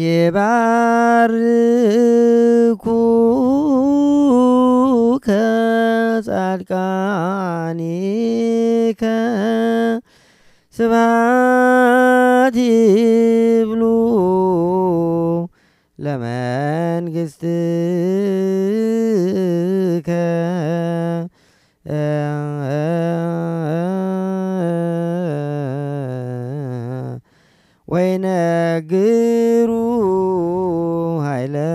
ይባርኩከ ጻድቃኒከ ስባት ይብሉ ለመንግሥትከ ወይነግሩ ኃይለከ